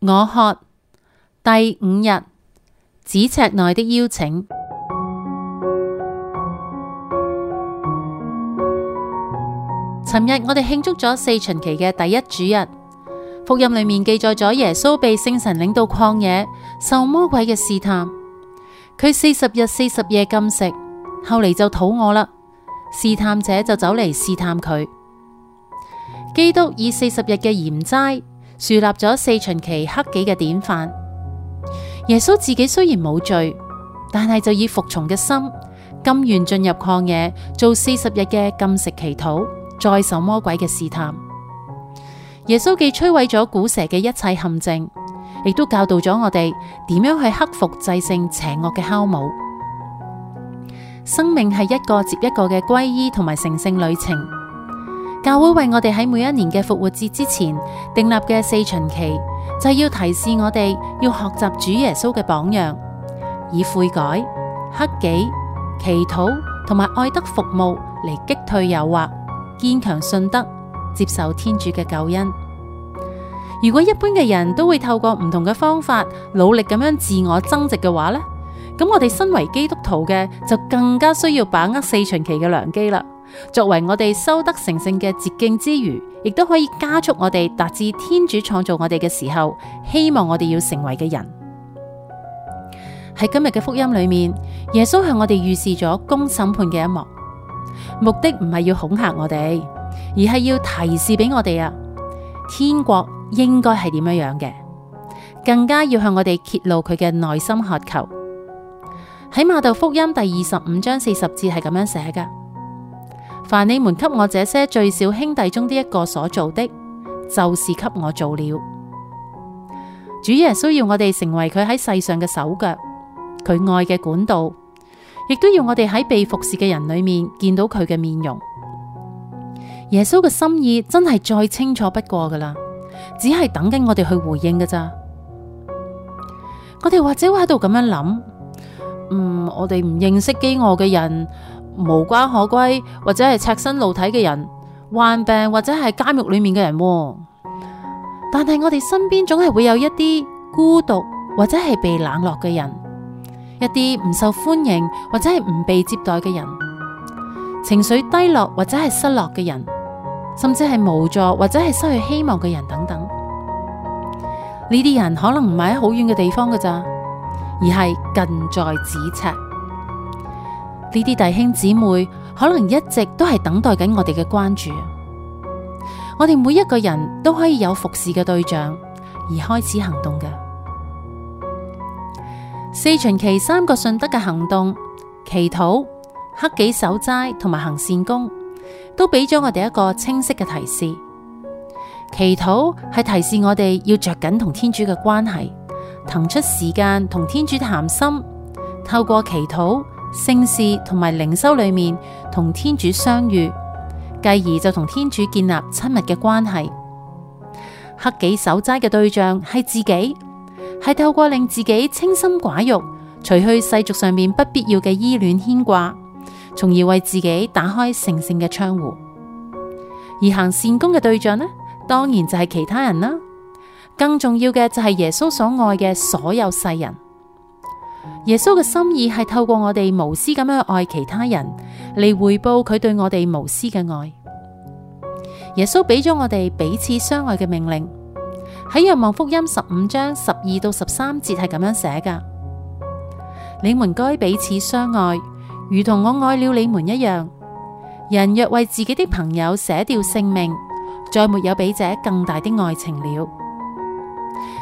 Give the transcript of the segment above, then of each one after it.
我渴第五日，咫尺內的邀請。尋日我哋慶祝咗四旬期嘅第一主日。福音裏面記載咗耶穌被聖神領到曠野，受魔鬼嘅試探。佢四十日四十夜禁食，後嚟就肚餓啦。試探者就走嚟試探佢。基督以四十日嘅嚴齋，樹立咗四旬期克己嘅典範。耶穌自己雖然冇罪，但係就以服從嘅心，甘願進入曠野做四十日嘅禁食祈禱，再受魔鬼嘅試探。耶穌既摧毀咗古蛇嘅一切陷阱，亦都教導咗我哋點樣去克服制勝邪惡嘅酵母。生命係一個接一個嘅皈依同埋成聖旅程。教會為我哋喺每一年嘅復活節之前訂立嘅四旬期，就係要提示我哋要學習主耶穌嘅榜樣，以悔改、克己、祈禱同埋愛德服務嚟擊退誘惑，堅強信德，接受天主嘅救恩。如果一般嘅人都會透過唔同嘅方法努力咁樣自我增值嘅話咧，咁我哋身為基督徒嘅就更加需要把握四旬期嘅良機啦。作為我哋修德成聖嘅捷徑之餘，亦都可以加速我哋達至天主創造我哋嘅時候，希望我哋要成為嘅人。喺今日嘅福音裏面，耶穌向我哋預示咗公審判嘅一幕，目的唔係要恐嚇我哋，而係要提示俾我哋啊，天國應該係點樣樣嘅，更加要向我哋揭露佢嘅內心渴求。喺瑪竇福音第二十五章四十節係咁樣寫噶。凡你們給我這些最小兄弟中的一個所做的，就是給我做了。主耶穌要我哋成為佢喺世上嘅手腳，佢愛嘅管道，亦都要我哋喺被服侍嘅人裏面見到佢嘅面容。耶穌嘅心意真係再清楚不過噶啦，只係等緊我哋去回應噶咋。我哋或者會喺度咁樣諗，嗯，我哋唔認識飢餓嘅人。無家可歸或者係赤身露體嘅人，患病或者係監獄裏面嘅人，但係我哋身邊總係會有一啲孤獨或者係被冷落嘅人，一啲唔受歡迎或者係唔被接待嘅人，情緒低落或者係失落嘅人，甚至係無助或者係失去希望嘅人等等。呢啲人可能唔係喺好遠嘅地方噶咋，而係近在咫尺。呢啲弟兄姊妹可能一直都係等待緊我哋嘅關注，我哋每一個人都可以有服侍嘅對象而開始行動嘅。四旬期三個信德嘅行動，祈禱、克己守齋同埋行善工，都俾咗我哋一個清晰嘅提示。祈禱係提示我哋要着緊同天主嘅關係，騰出時間同天主談心，透過祈禱，聖事同埋靈修裏面，同天主相遇，繼而就同天主建立親密嘅關係。克己守齋嘅對象係自己，係透過令自己清心寡慾，除去世俗上面不必要嘅依戀牽掛，從而為自己打開成聖嘅窗戶。而行善工嘅對象呢，當然就係其他人啦。更重要嘅就係耶穌所愛嘅所有世人。耶穌嘅心意係透過我哋無私咁樣愛其他人，嚟回報佢對我哋無私嘅愛。耶穌俾咗我哋彼此相愛嘅命令，喺《若望福音》十五章十二到十三節係咁樣寫噶：「你們該彼此相愛，如同我愛了你們一樣。人若為自己的朋友捨掉性命，再沒有比這更大的愛情了。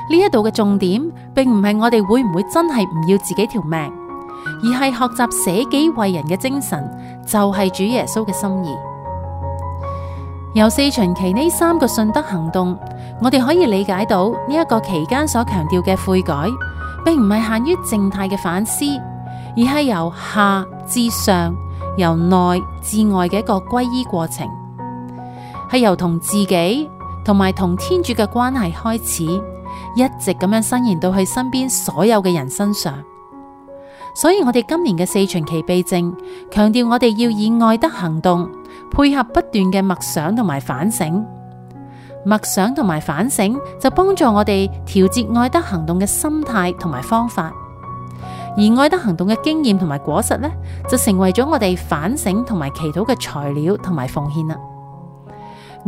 呢一度嘅重點，並唔係我哋會唔會真係唔要自己條命，而係學習捨己為人嘅精神，就係主耶穌嘅心意。由四旬期呢三個信德行動，我哋可以理解到呢一個期間所強調嘅悔改，並唔係限於靜態嘅反思，而係由下至上、由內至外嘅一個皈依過程，係由同自己同埋同天主嘅關係開始。一直咁樣伸延到去身邊所有嘅人身上，所以我哋今年嘅四旬期避靜，強調我哋要以愛德行動，配合不斷嘅默想同埋反省。默想同埋反省就幫助我哋調節愛德行動嘅心態同埋方法，而愛德行動嘅經驗同埋果實呢，就成為咗我哋反省同埋祈禱嘅材料同埋奉獻啦。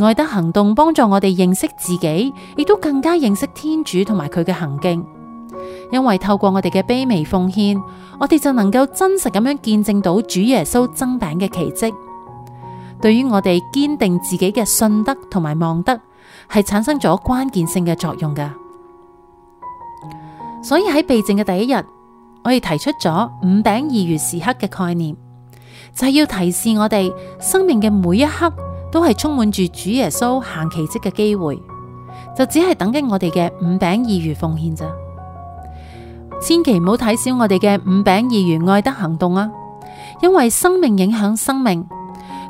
愛德行動幫助我哋認識自己，亦都更加認識天主同埋佢嘅行徑。因為透過我哋嘅卑微奉獻，我哋就能夠真實咁樣見證到主耶穌增餅嘅奇蹟。對於我哋堅定自己嘅信德同埋望德，係產生咗關鍵性嘅作用噶。所以喺避靜嘅第一日，我哋提出咗五餅二魚時刻嘅概念，就係、是、要提示我哋生命嘅每一刻，都係充滿住主耶穌行奇蹟嘅機會，就只係等緊我哋嘅五餅二魚奉獻咋。千祈唔好睇小我哋嘅五餅二魚愛德行動啊！因為生命影響生命，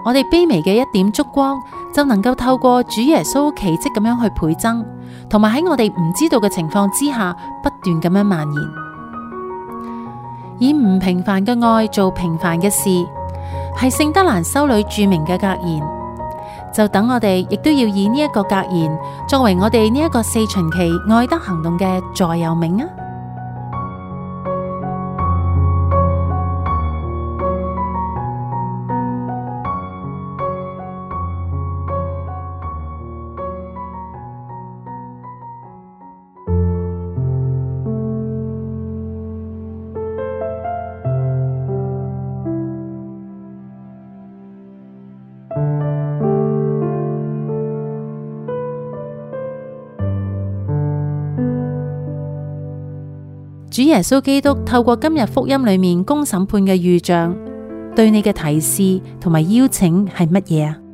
我哋卑微嘅一點燭光就能夠透過主耶穌奇蹟咁樣去倍增，同埋喺我哋唔知道嘅情況之下不斷咁樣蔓延。以唔平凡嘅愛做平凡嘅事，係聖德蘭修女著名嘅格言。就等我哋，亦都要以呢一個格言作為我哋呢一個四旬期愛德行動嘅座右銘啊！主耶穌基督透過今日福音裏面公審判嘅預象，對你嘅提示同埋邀請係乜嘢？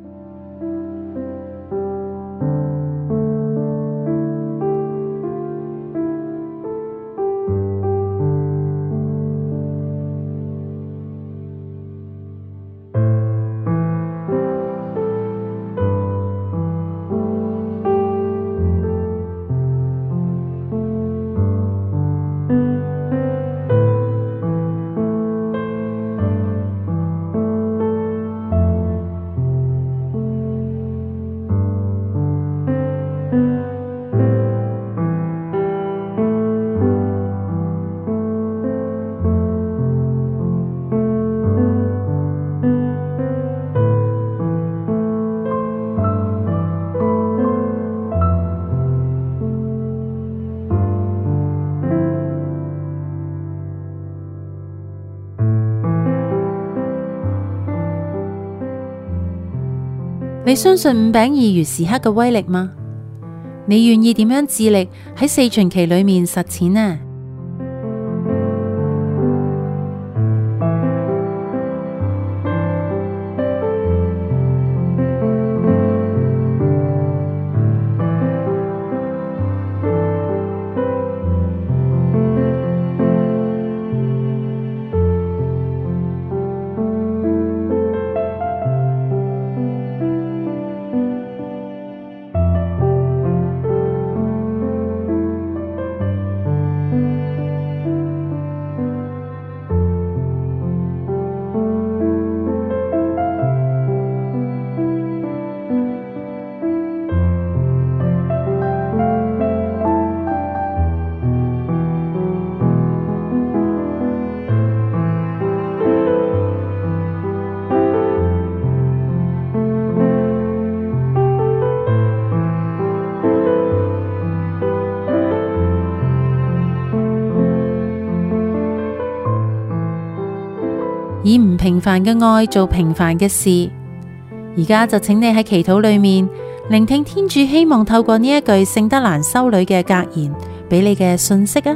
你相信五餅二魚時刻嘅威力嗎？你願意點樣致力喺四旬期裏面實踐呢？以唔平凡嘅愛做平凡嘅事，而家就請你喺祈禱裏面聆聽天主希望透過呢一句聖德蘭修女嘅格言俾你嘅訊息啊！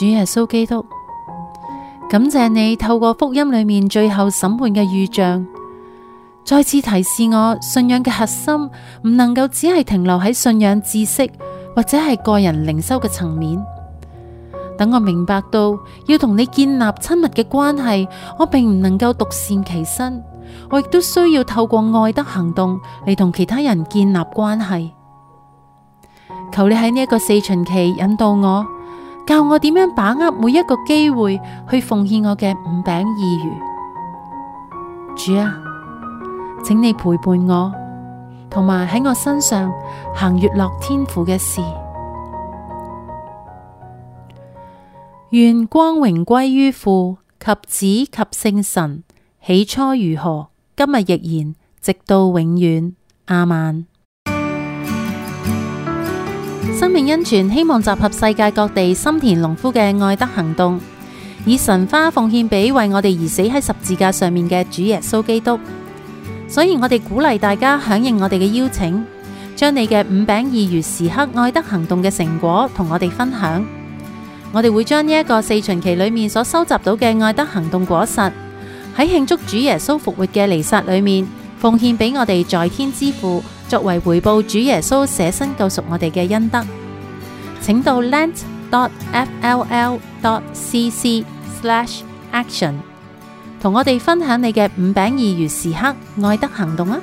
主耶穌基督，感謝你透過福音裏面最後審判嘅預象，再次提示我信仰嘅核心，唔能夠只係停留喺信仰知識或者係個人靈修嘅層面。等我明白到要同你建立親密嘅關係，我並唔能夠獨善其身，我亦都需要透過愛德行動嚟同其他人建立關係。求你喺呢一個四旬期引導我。教我點樣把握每一個機會去奉獻我嘅五餅二魚，主啊，請你陪伴我，同埋喺我身上行悅樂天父嘅事。願光榮歸於父及子及聖神，起初如何，今日亦然，直到永遠，亞孟。生命恩泉希望集合世界各地心田農夫嘅愛德行動，以神花奉獻俾為我哋而死喺十字架上面嘅主耶穌基督。所以我哋鼓勵大家響應我哋嘅邀請，將你嘅五餅二魚時刻愛德行動嘅成果同我哋分享。我哋會將呢一個四旬期裏面所收集到嘅愛德行動果實，喺慶祝主耶穌復活嘅彌撒裏面奉獻俾我哋在天之父。作為回報，主耶穌捨身救贖我哋嘅恩德，請到 lent dot fll dot cc slash action 同我哋分享你嘅五餅二魚時刻愛德行動啊！